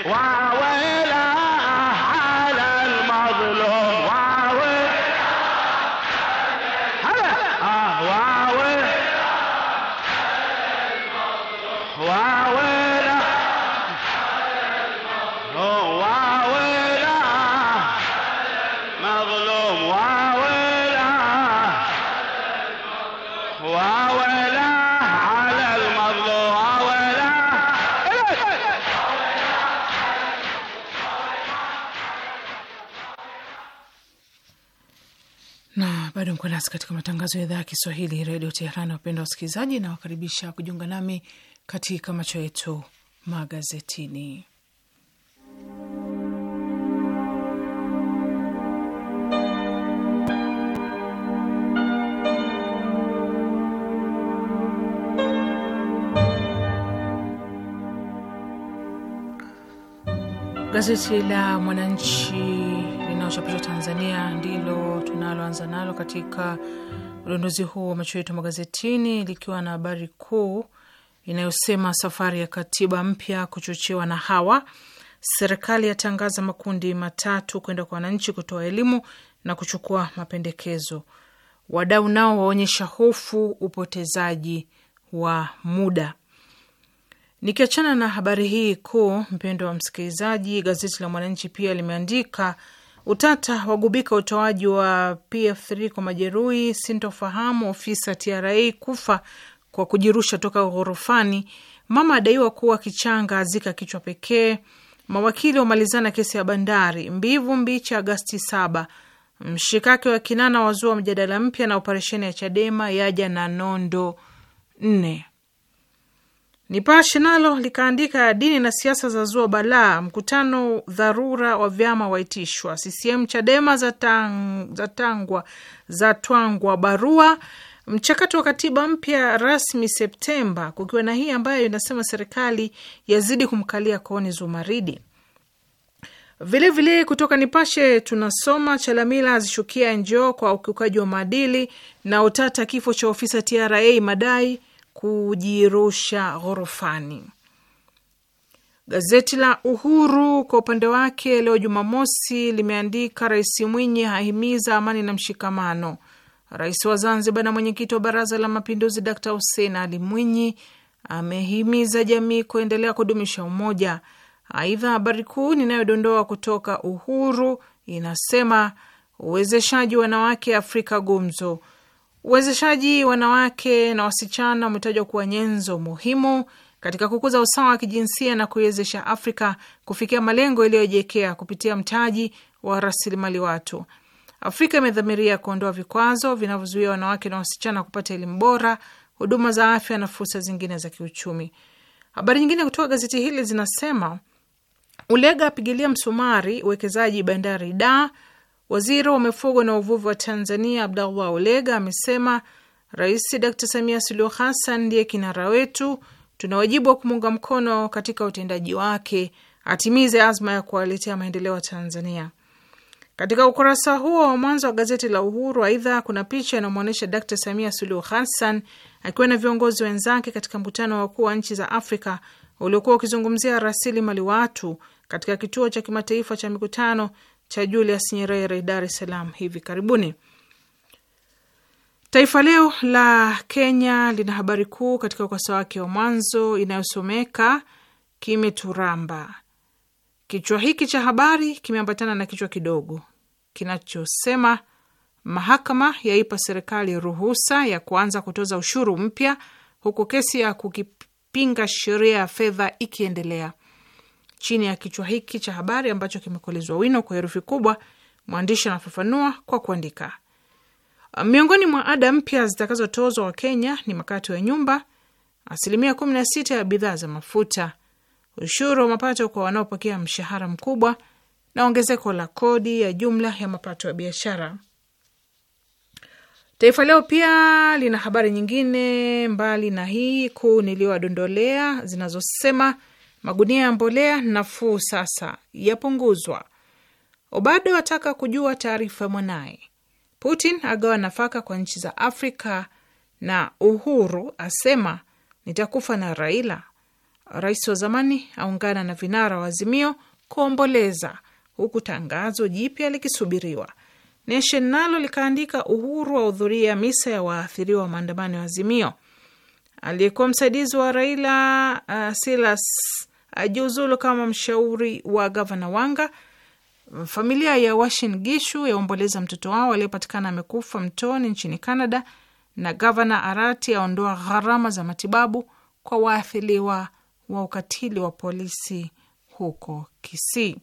wow. na bado mko nasi katika matangazo ya idhaa ya Kiswahili redio Teheran. Wapenda wasikilizaji, nawakaribisha kujiunga nami katika macho yetu magazetini. Gazeti la Mwananchi inayochapishwa Tanzania ndilo tunaloanza nalo katika udondozi huu wa macho yetu magazetini, likiwa na habari kuu inayosema safari ya katiba mpya kuchochewa na hawa, serikali yatangaza makundi matatu kwenda kwa wananchi kutoa elimu na kuchukua mapendekezo. Wadau nao waonyesha hofu upotezaji wa muda. Nikiachana na habari hii kuu, mpendo wa msikilizaji, gazeti la Mwananchi pia limeandika Utata wagubika utoaji wa PF3 kwa majeruhi, sintofahamu ofisa TRA kufa kwa kujirusha toka ghorofani, mama adaiwa kuwa kichanga azika kichwa pekee, mawakili wamalizana kesi ya bandari, mbivu mbichi Agasti saba, mshikaki wa Kinana wazua mjadala mpya, na operesheni ya Chadema yaja na nondo nne. Nipashe nalo likaandika dini na siasa za zua balaa, mkutano dharura wa vyama waitishwa, CCM Chadema za, tang, za tangwa za twangwa barua, mchakato wa katiba mpya rasmi Septemba, kukiwa na hii ambayo inasema serikali yazidi kumkalia kooni Zumaridi. Vilevile vile kutoka Nipashe tunasoma Chalamila azishukia ngo kwa ukiukaji wa maadili na utata, kifo cha ofisa TRA madai kujirusha ghorofani. Gazeti la Uhuru kwa upande wake leo Jumamosi limeandika Rais Mwinyi ahimiza amani na mshikamano. Rais wa Zanzibar na mwenyekiti wa Baraza la Mapinduzi Dkt Hussein Ali Mwinyi amehimiza jamii kuendelea kudumisha umoja. Aidha, habari kuu ninayodondoa kutoka Uhuru inasema uwezeshaji wanawake Afrika gumzo, Uwezeshaji wanawake na wasichana umetajwa kuwa nyenzo muhimu katika kukuza usawa wa kijinsia na kuiwezesha Afrika kufikia malengo iliyojiwekea kupitia mtaji wa rasilimali watu. Afrika imedhamiria kuondoa vikwazo vinavyozuia wanawake na wasichana kupata elimu bora, huduma za afya na fursa zingine za kiuchumi. Habari nyingine kutoka gazeti hili zinasema: Ulega apigilia msumari uwekezaji bandari da Waziri wa mifugo na uvuvi wa Tanzania Abdallah Ulega amesema Rais Dkt Samia Suluhu Hassan ndiye kinara wetu, tuna wajibu wa kumuunga mkono katika utendaji wake, atimize azma ya kuwaletea maendeleo ya Tanzania. Katika ukurasa huo wa mwanzo wa gazeti la Uhuru, aidha, kuna picha inayomwonyesha Dkt Samia Suluhu Hassan akiwa na viongozi wenzake katika mkutano wa wakuu wa nchi za Afrika uliokuwa ukizungumzia rasilimali watu katika kituo cha kimataifa cha mikutano cha Julius Nyerere, Dar es Salaam hivi karibuni. Taifa Leo la Kenya lina habari kuu katika ukurasa wake wa mwanzo inayosomeka kimeturamba. Kichwa hiki cha habari kimeambatana na kichwa kidogo kinachosema mahakama yaipa serikali ruhusa ya kuanza kutoza ushuru mpya huku kesi ya kukipinga sheria ya fedha ikiendelea. Chini ya kichwa hiki cha habari ambacho kimekolezwa wino kwa herufi kubwa, mwandishi anafafanua kwa kuandika, miongoni mwa ada mpya zitakazotozwa Wakenya ni makato ya nyumba, asilimia 16 ya bidhaa za mafuta, ushuru wa mapato kwa wanaopokea mshahara mkubwa na ongezeko la kodi ya jumla ya mapato ya biashara. Taifa Leo pia lina habari nyingine mbali na hii kuu niliyowadondolea zinazosema Magunia ya mbolea nafuu sasa yapunguzwa. Obado ataka kujua taarifa mwanaye. Putin agawa nafaka kwa nchi za Afrika na Uhuru asema nitakufa na Raila. Rais wa zamani aungana na vinara wa Azimio kuomboleza huku tangazo jipya likisubiriwa. Nation nalo likaandika Uhuru ahudhuria misa ya waathiriwa wa maandamano ya Azimio. Aliyekuwa msaidizi wa Raila uh, Silas ajiuzulu kama mshauri wa gavana Wanga. Familia ya Washin Gishu yaomboleza mtoto wao aliyepatikana amekufa mtoni nchini Canada, na gavana Arati aondoa gharama za matibabu kwa waathiriwa wa ukatili wa polisi huko Kisii.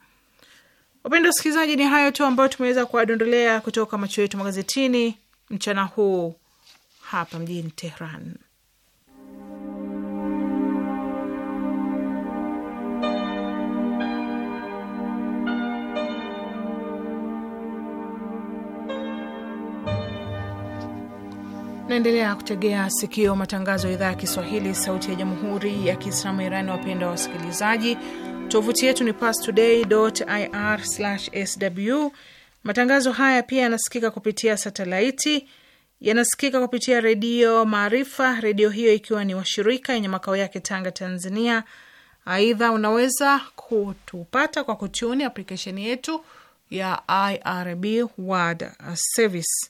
Wapendwa wasikilizaji, ni hayo tu ambayo tumeweza kuwadondolea kutoka macho yetu magazetini mchana huu hapa mjini Tehran. Naendelea kutegea sikio matangazo ya idhaa ya Kiswahili, sauti ya jamhuri ya kiislamu Irani. Wapenda wa wasikilizaji, tovuti yetu ni pastoday.ir/sw. Matangazo haya pia yanasikika kupitia satelaiti, yanasikika kupitia redio Maarifa, redio hiyo ikiwa ni washirika yenye makao yake Tanga, Tanzania. Aidha, unaweza kutupata kwa kutuni aplikesheni yetu ya IRB World Service.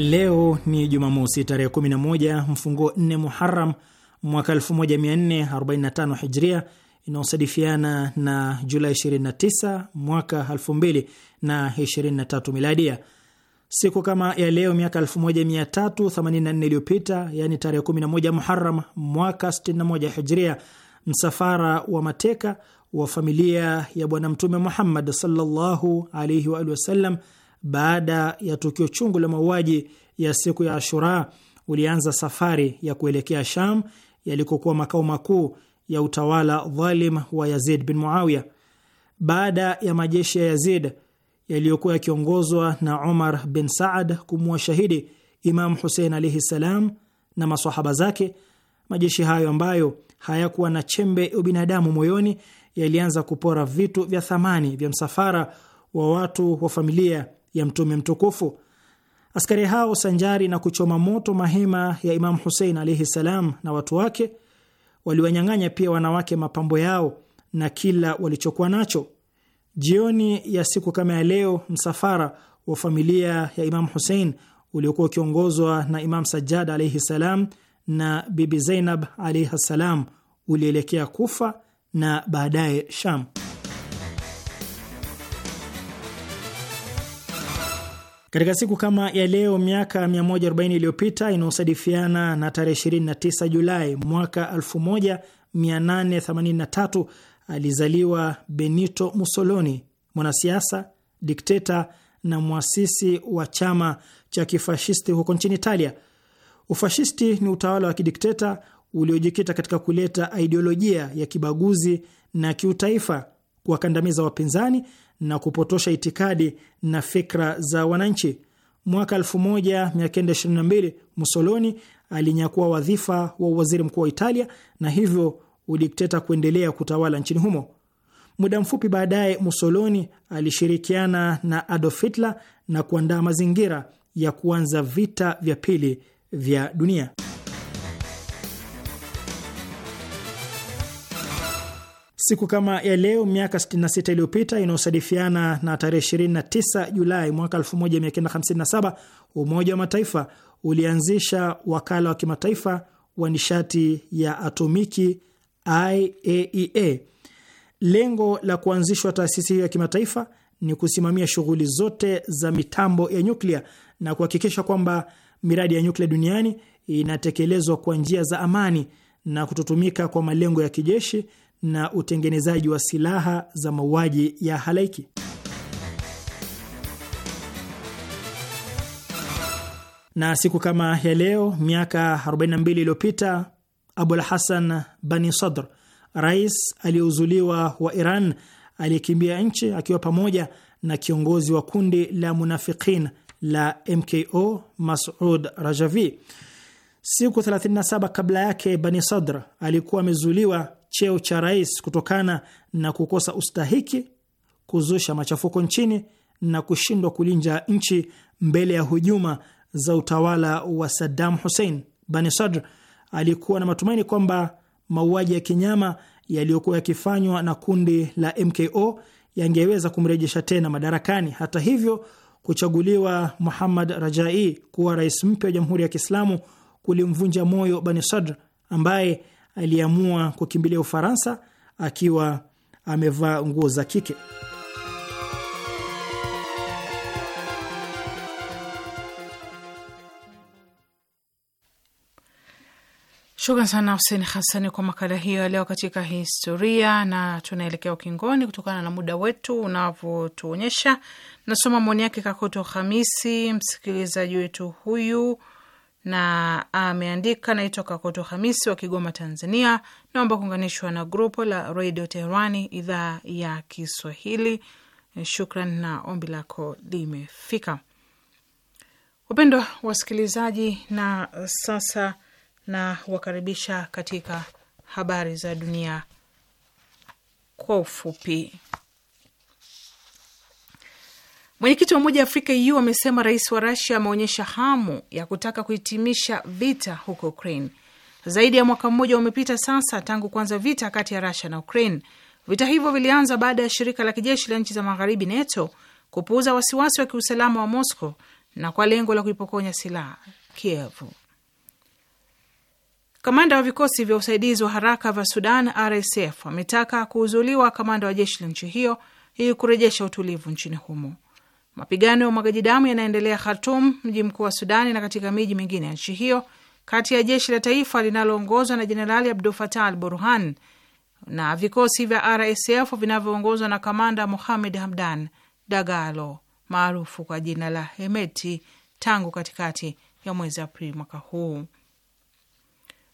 Leo ni Jumamosi tarehe 11 mfungo 4 Muharam mwaka 1445 Hijria inaosadifiana na Julai 29 mwaka 2023 Miladia. Siku kama ya leo miaka 1384 iliyopita, yani tarehe 11 Muharam mwaka 61 Hijria, msafara wa mateka wa familia ya Bwana Mtume Muhammad sallallahu alaihi wa alihi wasallam baada ya tukio chungu la mauaji ya siku ya Ashura ulianza safari ya kuelekea Sham yalikokuwa makao makuu ya utawala dhalim wa Yazid bin Muawiya. Baada ya majeshi ya Yazid yaliyokuwa yakiongozwa na Umar bin Saad kumua shahidi Imam Husein alaihi ssalam na masahaba zake, majeshi hayo ambayo hayakuwa na chembe ya ubinadamu moyoni yalianza kupora vitu vya thamani vya msafara wa watu wa familia ya mtume mtukufu. Askari hao sanjari na kuchoma moto mahema ya Imamu Husein alaihi salam na watu wake, waliwanyang'anya pia wanawake mapambo yao na kila walichokuwa nacho. Jioni ya siku kama ya leo, msafara wa familia ya Imamu Husein uliokuwa ukiongozwa na Imam Sajjad alaihi salam na Bibi Zainab alaihi salam ulielekea Kufa na baadaye Sham. Katika siku kama ya leo miaka 140 iliyopita inayosadifiana na tarehe 29 Julai mwaka 1883 alizaliwa Benito Mussolini, mwanasiasa, dikteta na mwasisi wa chama cha kifashisti huko nchini Italia. Ufashisti ni utawala wa kidikteta uliojikita katika kuleta ideolojia ya kibaguzi na kiutaifa, kuwakandamiza wapinzani na kupotosha itikadi na fikra za wananchi. Mwaka 1922 Mussolini alinyakua wadhifa wa uwaziri mkuu wa Italia na hivyo udikteta kuendelea kutawala nchini humo. Muda mfupi baadaye, Mussolini alishirikiana na Adolf Hitler na kuandaa mazingira ya kuanza vita vya pili vya dunia. Siku kama ya leo miaka 66 iliyopita inayosadifiana na tarehe 29 Julai mwaka 1957, Umoja wa Mataifa ulianzisha wakala wa kimataifa wa nishati ya atomiki IAEA. E Lengo la kuanzishwa taasisi hiyo ya kimataifa ni kusimamia shughuli zote za mitambo ya nyuklia na kuhakikisha kwamba miradi ya nyuklia duniani inatekelezwa kwa njia za amani na kutotumika kwa malengo ya kijeshi na utengenezaji wa silaha za mauaji ya halaiki. Na siku kama ya leo miaka 42 iliyopita Abul Hasan Bani Sadr, rais aliyeuzuliwa wa Iran aliyekimbia nchi akiwa pamoja na kiongozi wa kundi la munafiqin la MKO Masud Rajavi. Siku 37 kabla yake, Bani Sadr alikuwa amezuliwa cheo cha rais kutokana na kukosa ustahiki, kuzusha machafuko nchini na kushindwa kulinda nchi mbele ya hujuma za utawala wa Saddam Hussein. Bani Sadr alikuwa na matumaini kwamba mauaji ya kinyama yaliyokuwa yakifanywa na kundi la MKO yangeweza kumrejesha tena madarakani. Hata hivyo, kuchaguliwa Muhammad Rajai kuwa rais mpya wa Jamhuri ya Kiislamu kulimvunja moyo Bani Sadr ambaye aliamua kukimbilia Ufaransa akiwa amevaa nguo za kike. Shukran sana Huseni Hasani kwa makala hiyo ya leo katika historia, na tunaelekea ukingoni kutokana na muda wetu unavyotuonyesha. Nasoma maoni yake Kakoto Hamisi, msikilizaji wetu huyu na ameandika naitoka Koto Hamisi wa Kigoma, Tanzania. Naomba kuunganishwa na grupo la redio Teherani idhaa ya Kiswahili. Eh, shukran na ombi lako limefika, upendo wasikilizaji. Na sasa na wakaribisha katika habari za dunia kwa ufupi. Mwenyekiti wa Umoja wa Afrika EU amesema rais wa Rasia ameonyesha hamu ya kutaka kuhitimisha vita huko Ukraine. Zaidi ya mwaka mmoja umepita sasa tangu kuanza vita kati ya Rasia na Ukraine. Vita hivyo vilianza baada ya shirika la kijeshi la nchi za magharibi NATO kupuuza wasiwasi wa kiusalama wa Moscow na kwa lengo la kuipokonya silaha Kiev. Kamanda wa vikosi vya usaidizi wa haraka vya Sudan RSF wametaka kuuzuliwa kamanda wa jeshi la nchi hiyo ili kurejesha utulivu nchini humo. Mapigano ya umwagaji damu yanaendelea Khartum, mji mkuu wa Sudani, na katika miji mingine ya nchi hiyo kati ya jeshi la taifa linaloongozwa na Jenerali Abdul Fatah al Burhan na vikosi vya RSF vinavyoongozwa na kamanda muhamed Hamdan Dagalo maarufu kwa jina la Hemeti tangu katikati ya mwezi Aprili mwaka huu.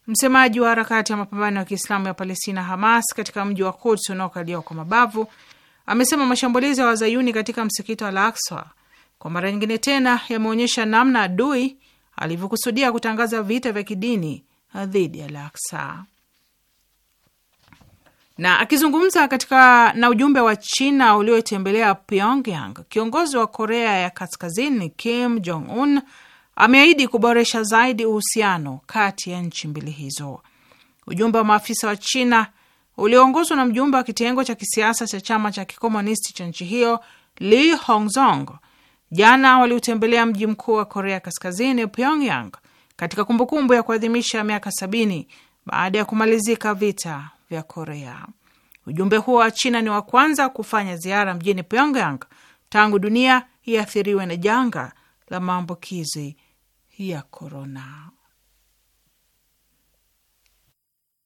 Msemaji wa harakati ya mapambano ya Kiislamu ya Palestina, Hamas, katika mji wa Kuds unaokaliwa kwa mabavu amesema mashambulizi ya wazayuni katika msikiti wa Al-Aqsa kwa mara nyingine tena yameonyesha namna adui alivyokusudia kutangaza vita vya kidini dhidi ya Al-Aqsa. Na akizungumza katika na ujumbe wa China uliotembelea Pyongyang, kiongozi wa Korea ya Kaskazini Kim Jong Un ameahidi kuboresha zaidi uhusiano kati ya nchi mbili hizo. Ujumbe wa maafisa wa China ulioongozwa na mjumbe wa kitengo cha kisiasa cha chama cha kikomunisti cha nchi hiyo Li Hongzong, jana waliutembelea mji mkuu wa Korea Kaskazini, Pyongyang, katika kumbukumbu ya kuadhimisha miaka sabini baada ya kumalizika vita vya Korea. Ujumbe huo wa China ni wa kwanza kufanya ziara mjini Pyongyang tangu dunia iathiriwe na janga la maambukizi ya korona.